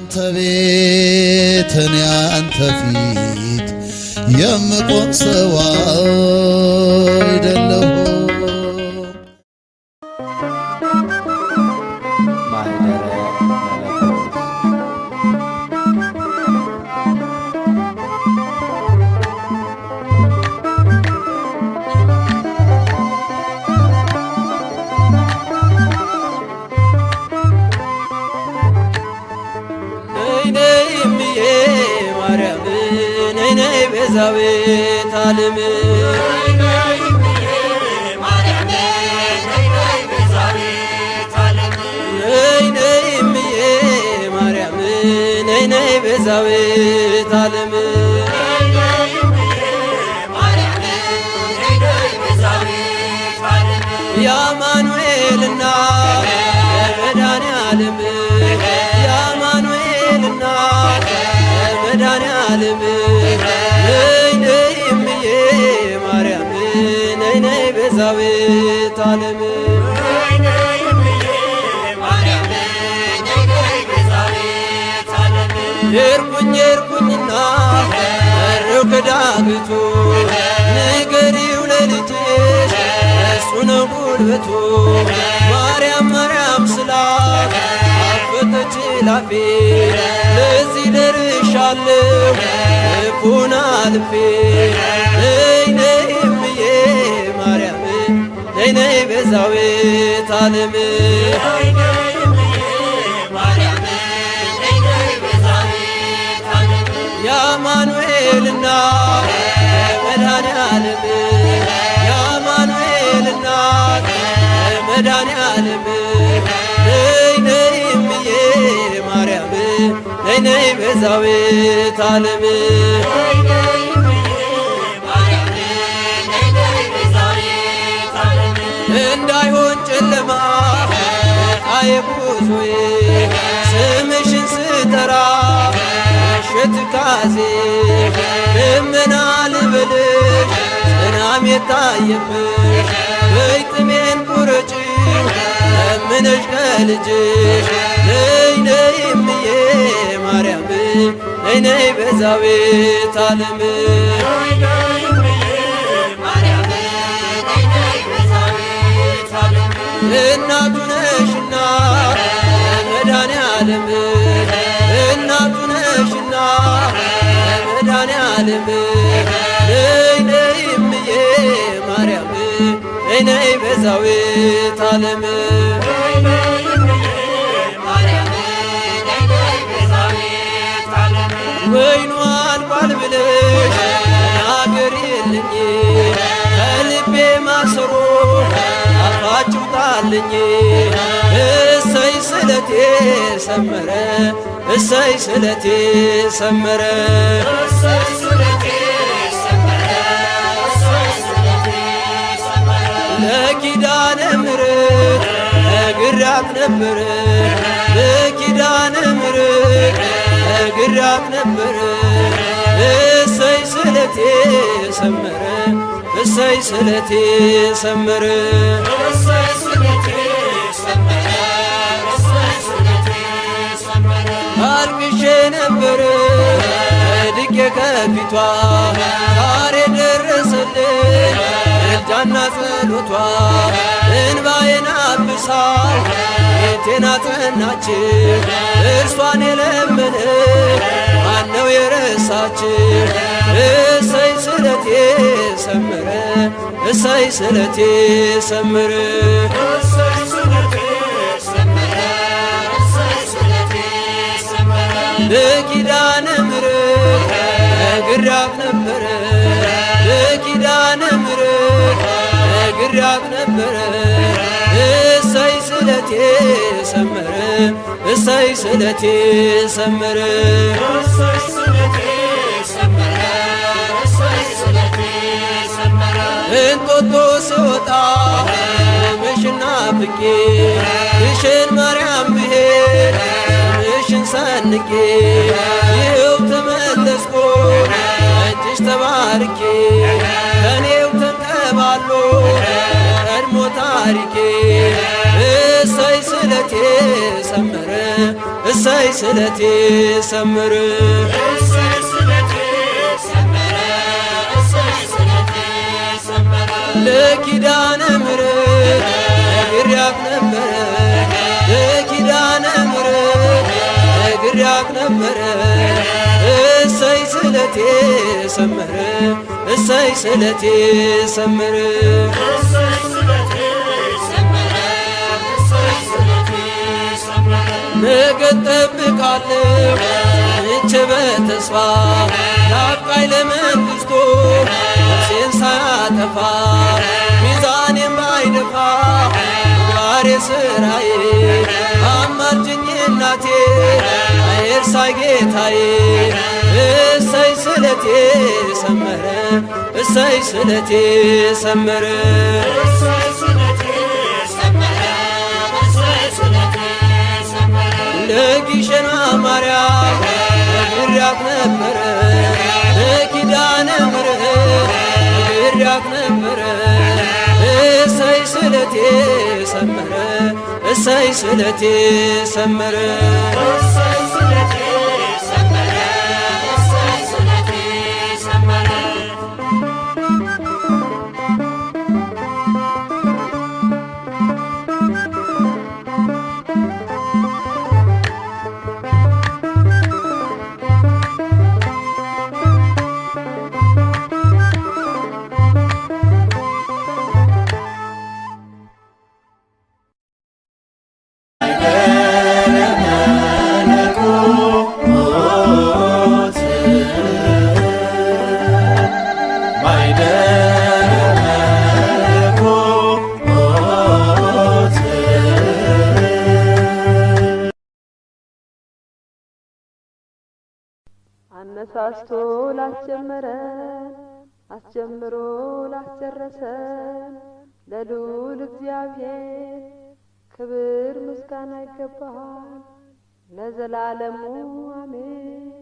አንተ ቤት እኔ አንተ ፊት የምቆም ሰው አይደለም። ቤዛቤት ዓለም ቤዛቤት ዓለም የአማኑኤል እናት መድኃኒት ዓለም የርቁኝ የርቁኝና ሩ ከዳግቱ ንገሪው ለልጅሽ እሱ ነው ጉልበቱ ማርያም ማርያም ስላት አፈተች ላፌ ለዚህ ደርሻለሁ ልቡን ልፌ። ቤዛዊት ዓለም መድኃኔ ዓለም መድኃኔ ዓለም ነይ ነይ እምዬ ማርያም ነይ ነይ ቤዛዊት ዓለም አይጉዞዬ ስምሽን ስጠራ ሽትካዜ ልምና ልብልሽ ጽናም የታየብሽ ብይጥሜን ቁረጪ ለምነሽ ከልጅሽ ነይ ነይ እምዬ ማርያም ነይ ነይ እናቱ ነሽና መድኃኔ ዓለም እናቱ ነሽና መድኃኔ ዓለም ነይ ነይ እምዬ ማርያም ነይ ነይ ቤዛዊት ዓለም ሰራልኝ እሰይ ስለቴ ሰመረ እሰይ ስለቴ ሰመረ ለኪዳነ ምሕረት ነግራት ነበረ ለኪዳነ ምሕረት ነግራት ነበረ እሰይ ስለቴ ሰመረ እሰይ ስለቴ ሰመረ አልቅሼ ነበር ድቄ ከፊቷ ዛሬ ደረሰልኝ እርዳና ጸሎቷ እንባዬን አብሳል ቤቴን አጸናችን እርሷን የለመነ ማነው የረሳችን እሰይ ስለቴ ሰምረ እሰይ ስለቴ ሰምረ በኪዳነ ምሕረት ነግሬያት ነበረ በኪዳነ ምሕረት ነግሬያት ነበረ እሰይ ስለቴ ሰመረ እሰይ ስለቴ ሰመረ እንጦጦ ስወጣ ምሽና ፍቄ ተጨንቄ እኔው ተመለስኩ እጅሽ ተባርኬ እኔው ተንከባሎ ቀድሞ ታሪኬ እሰይ ስለቴ ሰምር እሰይ ስለቴ ሰምር ለኪዳነ ምሕረት ነግሬያት ነበር ያቅ ነበረ እሰይ ስለቴ ሰመረ እሰይ ስለቴ ሰመረ ነገ ጠብቃለሁ እቸ በተስፋ ላቃይ ለመንግስቶ ነፍሴን ሳያጠፋ ሚዛኔም አይደፋ ምግባሬ ስራዬ አማርጅኝ እናቴ እርሳይ ጌታዬ እሰይ ስለቴ ሰመረ እሰይ ስለቴ ሰመረ ለጊሸና ማርያም እግሪያት ነበረ ለኪዳነ ምሕረት እግሪያት ነበረ እሰይ ስለቴ እሰይ ስለቴ ሰመረ አሳስቶ ላስጀመረን አስጀምሮ ላስጨረሰን ለልዑል እግዚአብሔር ክብር ምስጋና ይገባል ለዘላለሙ አሜን።